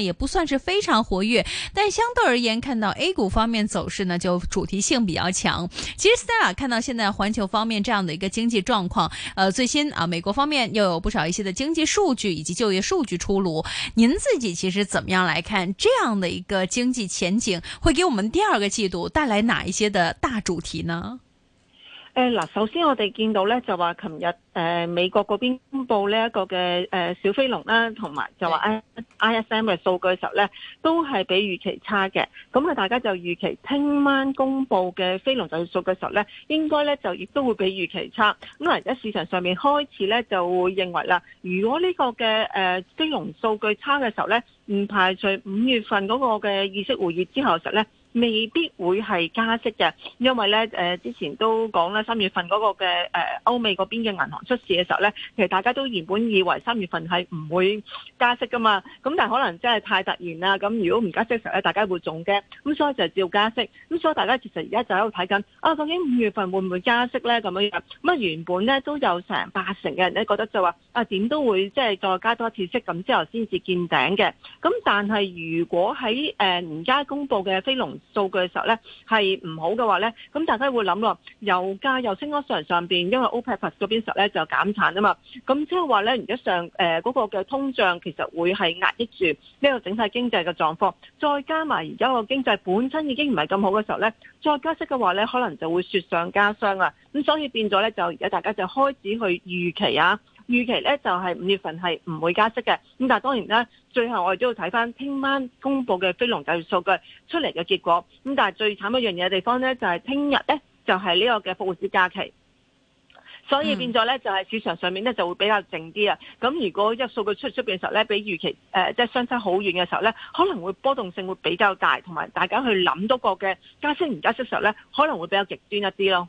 也不算是非常活躍，但相對而言，看到 A 股方面走勢呢，就主題性比較強。其實 Stella 看到現在環球方面這樣的一個經濟狀況，呃，最新啊、呃，美國方面又有不少一些的經濟數據以及就業數據出爐。您自己其實怎麼樣來看這樣的一個經濟前景，會給我們第二個季度帶來哪一些的大主題呢？誒，嗱，首先我哋見到呢，就話，琴日誒，美國嗰邊公布呢一個嘅誒、呃、小飛龍啦，同埋就話誒。嗯 I.S.M 嘅數據嘅時候咧，都係比預期差嘅。咁啊，大家就預期聽晚公布嘅非農就業數據嘅時候咧，應該咧就亦都會比預期差。咁啊，而家市場上面開始咧就會認為啦，如果呢個嘅誒、呃、金融數據差嘅時候咧，唔排除五月份嗰個嘅議息會議之後實咧。未必會係加息嘅，因為咧誒、呃、之前都講啦，三月份嗰個嘅誒、呃、歐美嗰邊嘅銀行出事嘅時候咧，其實大家都原本以為三月份係唔會加息噶嘛，咁但係可能真係太突然啦，咁如果唔加息嘅時候咧，大家會仲驚，咁所以就係照加息，咁所以大家其實而家就喺度睇緊啊，究竟五月份會唔會加息咧，咁樣樣？咁啊，原本咧都有成八成嘅人咧覺得就話啊點都會即係、就是、再加多一次息咁之後先至見頂嘅，咁但係如果喺誒而家公布嘅非農數據嘅時候咧，係唔好嘅話咧，咁大家會諗啦，油價又升咗上上邊，因為 OPEC 嗰邊時候咧就減產啊嘛，咁即係話咧，而家上誒嗰、呃那個嘅通脹其實會係壓抑住呢個整體經濟嘅狀況，再加埋而家個經濟本身已經唔係咁好嘅時候咧，再加息嘅話咧，可能就會雪上加霜啊，咁所以變咗咧就而家大家就開始去預期啊。預期咧就係五月份係唔會加息嘅，咁但係當然啦，最後我哋都要睇翻聽晚公布嘅非農就業數據出嚟嘅結果。咁但係最慘一樣嘢嘅地方咧，就係聽日咧就係呢個嘅復活節假期，所以變咗咧就係市場上面咧就會比較靜啲啊。咁、嗯、如果一數據出出邊嘅時候咧，比預期即係、呃即係、相差好遠嘅時候咧，可能會波動性會比較大，同埋大家去諗多個嘅加息唔加息時候咧，可能會比較極端一啲咯。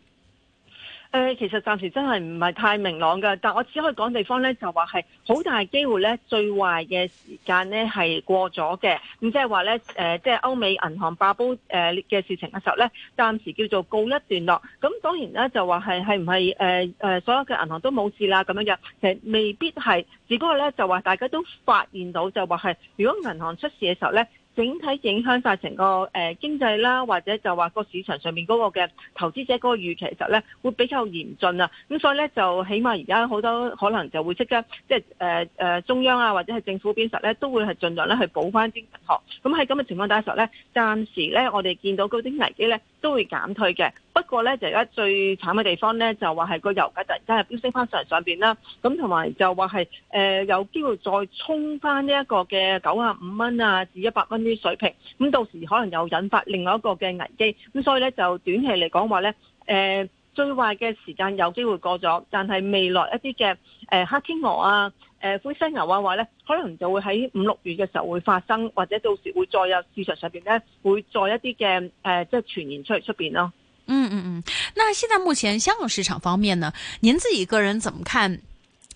誒、呃，其實暫時真係唔係太明朗噶，但我只可以講地方咧，就話係好大機會咧。最壞嘅時間咧係過咗嘅，咁即係話咧誒，即係歐美銀行爆煲誒嘅事情嘅時候咧，暫時叫做告一段落。咁當然呢，就話係係唔係誒誒，所有嘅銀行都冇事啦咁樣嘅，其實未必係。只不過咧就話大家都發現到就話係，如果銀行出事嘅時候咧。整體影響晒成個誒、呃、經濟啦，或者就話個市場上面嗰個嘅投資者嗰個預期，其實咧會比較嚴峻啊。咁所以咧就起碼而家好多可能就會刻即刻即係誒誒中央啊或者係政府邊實咧，都會係盡量咧去補翻啲銀行。咁喺咁嘅情況底下實咧，暫時咧我哋見到嗰啲危機咧。都會減退嘅，不過呢，就而家最慘嘅地方呢，就話係個油價突然間係飆升翻上嚟上邊啦，咁同埋就話係誒有機會再衝翻呢一個嘅九十五蚊啊至一百蚊啲水平，咁到時可能又引發另外一個嘅危機，咁所以呢，就短期嚟講話呢。誒、呃。最壞嘅時間有機會過咗，但係未來一啲嘅誒黑天鵝啊、誒、呃、灰犀牛啊，話咧可能就會喺五六月嘅時候會發生，或者到時會再有市場上邊咧會再一啲嘅誒即係傳言出嚟出邊咯。嗯嗯嗯，那現在目前香港市場方面呢，您自己個人怎麼看？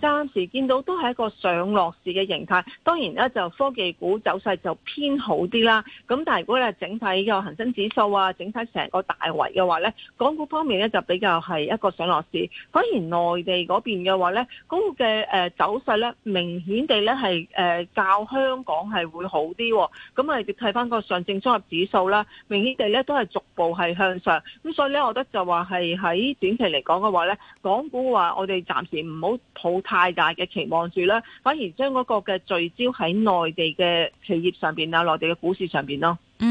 暫時見到都係一個上落市嘅形態，當然咧就科技股走勢就偏好啲啦。咁但係如果咧，整體嘅恒生指數啊，整體成個大圍嘅話咧，港股方面咧就比較係一個上落市。反而內地嗰邊嘅話咧，港股嘅誒走勢咧，明顯地咧係誒較香港係會好啲。咁啊，睇翻個上證綜合指數啦，明顯地咧都係逐步係向上。咁所以咧，我覺得就話係喺短期嚟講嘅話咧，港股話我哋暫時唔好抱太大嘅期望住啦，反而將嗰個嘅聚焦喺內地嘅企業上邊啊，內地嘅股市上邊咯。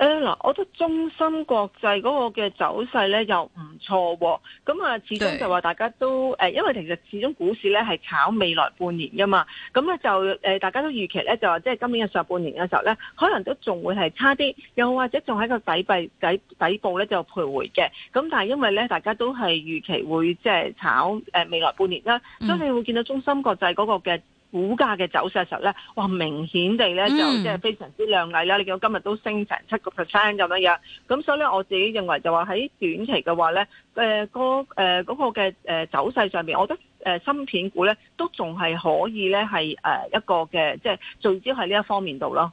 誒嗱、呃，我覺得中芯國際嗰個嘅走勢咧又唔錯喎，咁啊始終就話大家都誒、呃，因為其實始終股市咧係炒未來半年㗎嘛，咁咧就、呃、大家都預期咧就話即係今年嘅上半年嘅時候咧，可能都仲會係差啲，又或者仲喺個底、底、底部咧就徘徊嘅，咁但係因為咧大家都係預期會即係、就是、炒、呃、未來半年啦，嗯、所以你會見到中芯國際嗰個嘅股價嘅走勢嘅時候咧，哇，明顯地咧就即係非常之亮麗啦！嗯、你見到今日都升成七個 percent 咁樣樣，咁所以咧我自己認為就話喺短期嘅話咧，誒、呃，嗰個誒嗰、呃嗰個嘅誒走勢上面，我覺得誒、呃、芯片股咧都仲係可以咧係誒一個嘅即係聚焦喺呢一方面度咯。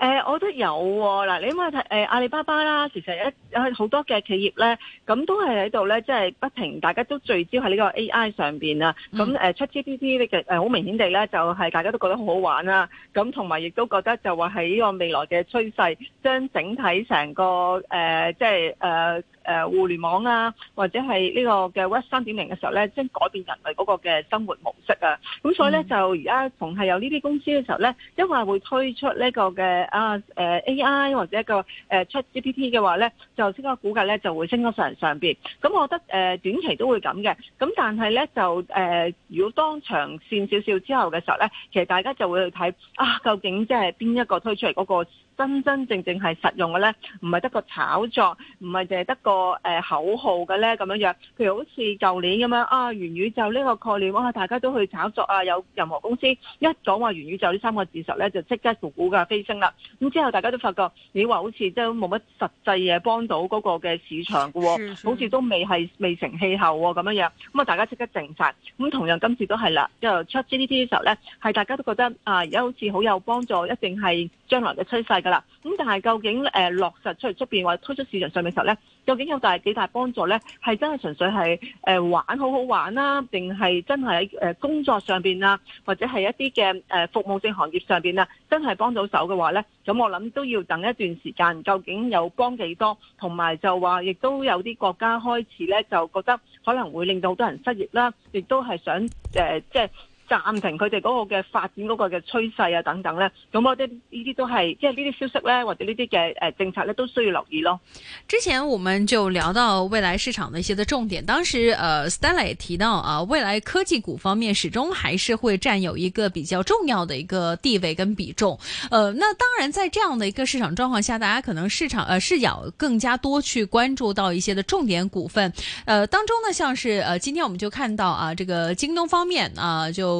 誒、呃，我覺得有嗱、哦，你因為睇阿里巴巴啦，其實一係好多嘅企業咧，咁都係喺度咧，即、就、係、是、不停，大家都聚焦喺呢個 AI 上面啊。咁誒、嗯、出 GPT 好、呃、明顯地咧，就係、是、大家都覺得好好玩啦、啊。咁同埋亦都覺得就話喺呢個未來嘅趨勢，將整體成個誒，即係誒。就是呃誒互聯網啊，或者係呢個嘅 Web 三點零嘅時候咧，將、即係、改變人類嗰個嘅生活模式啊！咁所以咧、嗯，就而家同係有呢啲公司嘅時候咧，因為會推出呢個嘅啊誒、啊、AI 或者一個誒 ChatGPT 嘅話咧，就即刻估計咧就會升咗上上邊。咁我覺得誒、呃、短期都會咁嘅，咁但係咧就誒、呃、如果當長線少少之後嘅時候咧，其實大家就會去睇啊究竟即係邊一個推出嚟嗰、嗰個。真真正正係實用嘅咧，唔係得個炒作，唔係淨係得個誒口號嘅咧咁樣樣。譬如好似舊年咁樣啊，元宇宙呢個概念，哇、啊，大家都去炒作啊，有任何公司一講話元宇宙呢三個字實咧，就即刻股股價飛升啦。咁、嗯、之後大家都發覺，你話好似即係都冇乜實際嘢幫到嗰個嘅市場嘅喎、哦，是是是好似都未係未成氣候喎咁樣樣。咁、嗯、啊、嗯，大家即刻靜曬。咁、嗯、同樣今次都係啦，就出 GDP 嘅時候咧，係大家都覺得啊，而家好似好有幫助，一定係將來嘅趨勢啦，咁但係究竟誒、呃、落實出嚟出邊，或者推出市場上面嘅時候咧，究竟有大幾大幫助咧？係真係純粹係誒、呃、玩好好玩啦，啊，定係真係喺誒工作上邊啊，或者係一啲嘅誒服務性行業上邊啊，真係幫到手嘅話咧，咁我諗都要等一段時間，究竟有幫幾多？同埋就話亦都有啲國家開始咧，就覺得可能會令到好多人失業啦，亦都係想誒、呃、即係，暫停佢哋嗰個嘅發展嗰個嘅趨勢啊，等等咧，咁我覺得呢啲都係即係呢啲消息咧，或者呢啲嘅誒政策咧都需要留意咯。之前我們就聊到未來市場的一些的重點，當時呃 Stella 也提到啊，未來科技股方面始終還是會佔有一個比較重要的一個地位跟比重。呃，那當然在這樣的一個市場狀況下，大家可能市場呃視角更加多去關注到一些的重點股份。呃，當中呢，像是呃今天我們就看到啊，這個京東方面啊就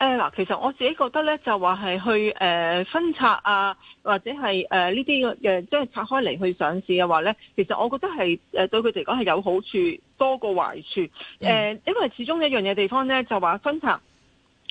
誒嗱、呃，其實我自己覺得咧，就話係去誒、呃、分拆啊，或者係誒呢啲誒，即、呃、係、呃、拆開嚟去上市嘅話咧，其實我覺得係誒、呃、對佢哋講係有好處多過壞處，誒、呃，因為始終一樣嘢地方咧，就話分拆。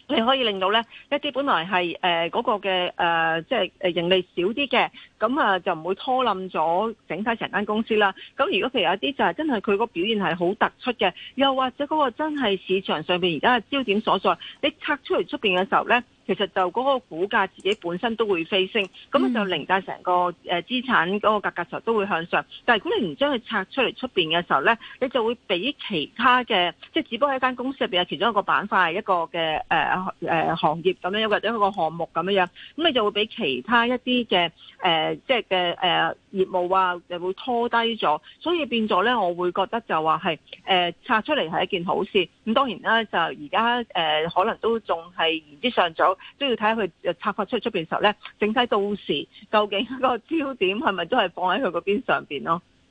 你可以令到咧一啲本來係誒嗰個嘅誒，即係誒，盈利少啲嘅，咁啊就唔會拖冧咗整體成間公司啦。咁如果譬如有一啲就係真係佢個表現係好突出嘅，又或者嗰個真係市場上面而家嘅焦點所在，你拆出嚟出邊嘅時候咧，其實就嗰個股價自己本身都會飛升，咁、嗯、就令到成個誒資產嗰個價格就都會向上。但係如果你唔將佢拆出嚟出面嘅時候咧，你就會俾其他嘅，即係只不過一間公司入邊嘅其中一個板塊、呃呃、一個嘅行業咁樣又或者一個項目咁樣，咁你就會俾其他一啲嘅誒即係嘅誒業務啊，就會拖低咗。所以變咗咧，我會覺得就話係誒拆出嚟係一件好事。咁當然啦，就而家誒可能都仲係言之尚早。都要睇下佢誒策劃出出邊時候咧，整體到時究竟個焦點係咪都係放喺佢嗰邊上邊咯？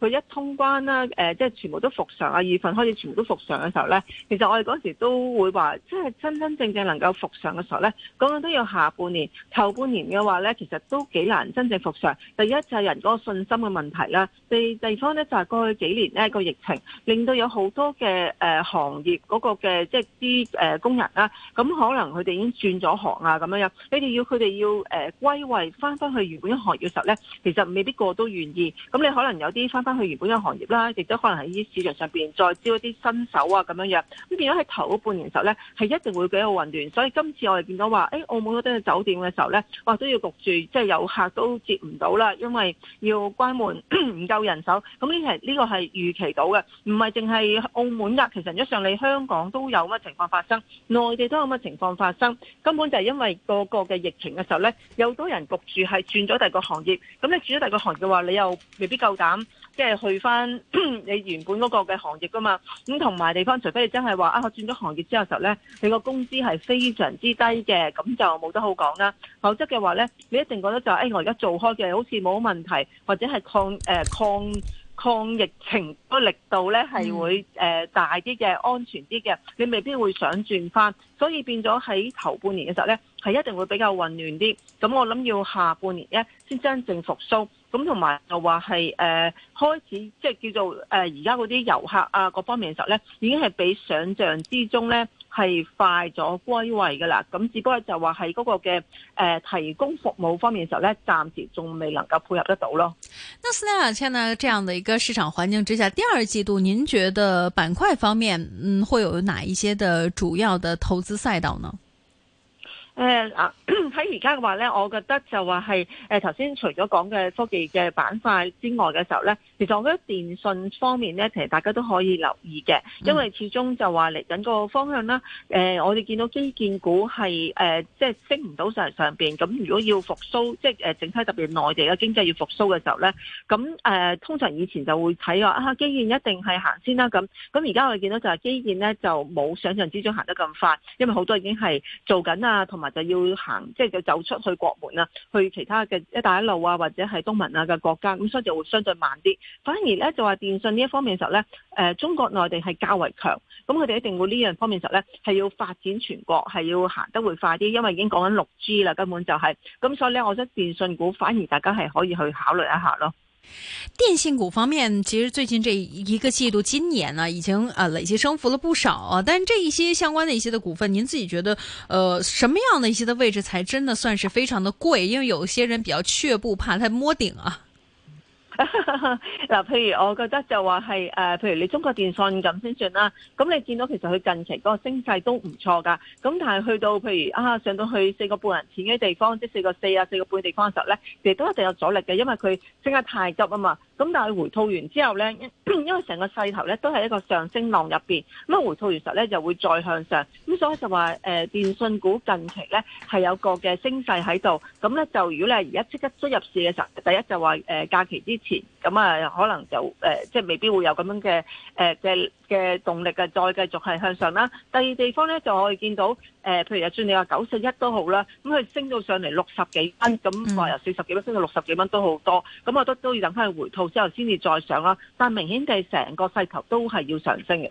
佢一通關啦，誒，即係全部都復常啊！二月份開始全部都復常嘅時候咧，其實我哋嗰時都會話，即係真真正正能夠復常嘅時候咧，咁樣都要下半年、後半年嘅話咧，其實都幾難真正復常。第一就係人嗰個信心嘅問題啦，第二地方咧就係過去幾年呢個疫情，令到有好多嘅誒行業嗰個嘅即係啲誒工人啦，咁可能佢哋已經轉咗行啊咁樣，你哋要佢哋要誒歸位翻返去原本嘅行業嘅時候咧，其實未必個個都願意。咁你可能有啲翻翻去原本嘅行業啦，亦都可能喺呢個市場上邊再招一啲新手啊咁樣樣。咁變咗喺頭半年嘅時候呢，係一定會比較混亂。所以今次我哋見到話，誒、欸、澳門嗰啲酒店嘅時候呢，哇都要焗住，即、就、係、是、有客都接唔到啦，因為要關門，唔 夠人手。咁呢係呢個係、這個、預期到嘅，唔係淨係澳門啊。其實一上嚟，香港都有乜情況發生，內地都有乜情況發生。根本就係因為個個嘅疫情嘅時候呢，有多人焗住係轉咗第二個行業。咁你轉咗第二個行業嘅話，你又未必夠膽。即係 去翻你原本嗰個嘅行業噶嘛，咁同埋地方，除非你真係話啊我轉咗行業之後嘅時候呢，你個工資係非常之低嘅，咁就冇得好講啦。否則嘅話呢，你一定覺得就係、是、誒、哎，我而家做開嘅好似冇問題，或者係抗誒、呃、抗抗疫情個力度呢係會誒、呃、大啲嘅，安全啲嘅，你未必會想轉翻。所以變咗喺頭半年嘅時候呢，係一定會比較混亂啲。咁我諗要下半年呢先真正復蘇。咁同埋就話係誒開始即係叫做誒而家嗰啲遊客啊各方面嘅時候咧，已經係比想象之中咧係快咗歸位㗎喇。咁、嗯、只不過就話係嗰個嘅誒、呃、提供服務方面嘅時候咧，暫時仲未能夠配合得到咯。那斯現在，這樣的一個市場環境之下，第二季度您覺得板塊方面，嗯，會有哪一些的主要的投資賽道呢？誒啊！喺而家嘅話咧，我覺得就話係誒頭先除咗講嘅科技嘅板塊之外嘅時候咧。其實我覺得電訊方面咧，其實大家都可以留意嘅，因為始終就話嚟緊個方向啦。誒、呃，我哋見到基建股係誒，即、呃、係、就是、升唔到上上邊。咁如果要復甦，即、就、係、是、整體特別內地嘅經濟要復甦嘅時候咧，咁誒、呃、通常以前就會睇話，啊基建一定係行先啦。咁咁而家我哋見到就係基建咧就冇想象之中行得咁快，因為好多已經係做緊啊，同埋就要行，即係就是、走出去國門啊，去其他嘅一帶一路啊，或者係東盟啊嘅國家，咁所以就會相對慢啲。反而咧就話電信呢一方面嘅時候咧，誒、呃、中國內地係較為強，咁佢哋一定會呢樣方面時候咧係要發展全國，係要行得會快啲，因為已經講緊六 G 啦，根本就係、是，咁所以咧，我覺得電信股反而大家係可以去考慮一下咯。電信股方面，其實最近這一個季度，今年啊已經啊累積升幅了不少啊，但這一些相關的一些的股份，您自己覺得，呃，什麼樣的一些的位置才真的算是非常的貴？因為有些人比較卻步，怕佢摸頂啊。嗱， 譬如我覺得就話係誒，譬如你中國電信咁先算啦。咁你見到其實佢近期嗰個升勢都唔錯㗎。咁但係去到譬如啊，上到去四個半銀錢嘅地方，即係四個四啊四個半嘅地方嘅時候咧，其實都一定有阻力嘅，因為佢升得太急啊嘛。咁但係回吐完之後咧，因為成個勢頭咧都係一個上升浪入邊，咁啊回吐完時咧就會再向上。咁所以就話誒、呃、電信股近期咧係有個嘅升勢喺度。咁咧就如果你係而家即刻出入市嘅時候，第一就話誒、呃、假期之前。咁啊，可能就誒、呃，即係未必會有咁樣嘅誒嘅嘅動力嘅，再繼續係向上啦。第二地方咧，就可以見到誒、呃，譬如就算你話九四一都好啦，咁佢升到上嚟六十幾蚊，咁話由四十幾蚊升到六十幾蚊都好多，咁我都都要等翻佢回吐之後，先至再上啦。但明顯地，成個勢頭都係要上升嘅。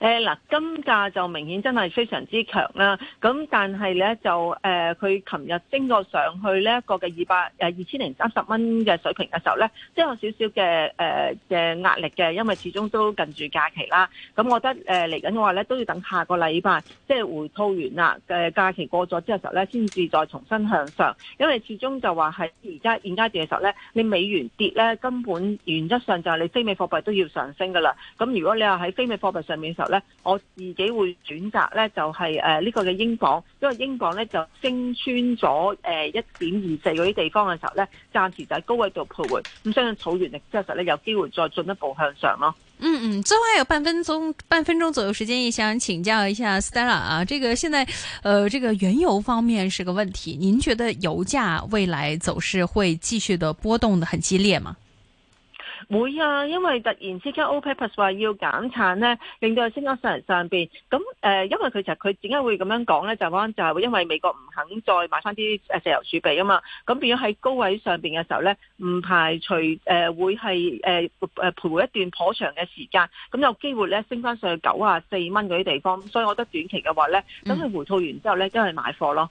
誒嗱，金價、嗯、就明顯真係非常之強啦。咁但係咧就誒，佢琴日升過上去呢一個嘅二百誒二千零三十蚊嘅水平嘅時候咧，即係有少少嘅誒嘅壓力嘅，因為始終都近住假期啦。咁我覺得誒嚟緊嘅話咧，都要等下個禮拜即係、就是、回吐完啦嘅、呃、假期過咗之後嘅時候咧，先至再重新向上。因為始終就話喺而家現階段嘅時候咧，你美元跌咧，根本原則上就係你非美貨幣都要上升㗎啦。咁如果你話喺非美貨幣上面我自己會選擇呢，就係誒呢個嘅英鎊，因為英鎊呢，就升穿咗誒一點二四嗰啲地方嘅時候呢，暫時就喺高位度徘徊，咁相信儲完力之後呢，有機會再進一步向上咯。嗯嗯，最後還有半分鐘，半分鐘左右時間，亦想請教一下 Stella 啊，這個現在，呃，這個原油方面是個問題，您覺得油價未來走勢會繼續的波動的很激烈嗎？會啊，因為突然之間 OPEC 話要減產咧，令到佢升咗上邊。咁誒、呃，因為佢其實佢點解會咁樣講咧？就可能就係因為美國唔肯再買翻啲石油儲備啊嘛。咁變咗喺高位上邊嘅時候咧，唔排除誒、呃、會係誒誒徘徊一段頗長嘅時間。咁有機會咧升翻上去九啊四蚊嗰啲地方。所以我覺得短期嘅話咧，等佢回吐完之後咧，都係買貨咯。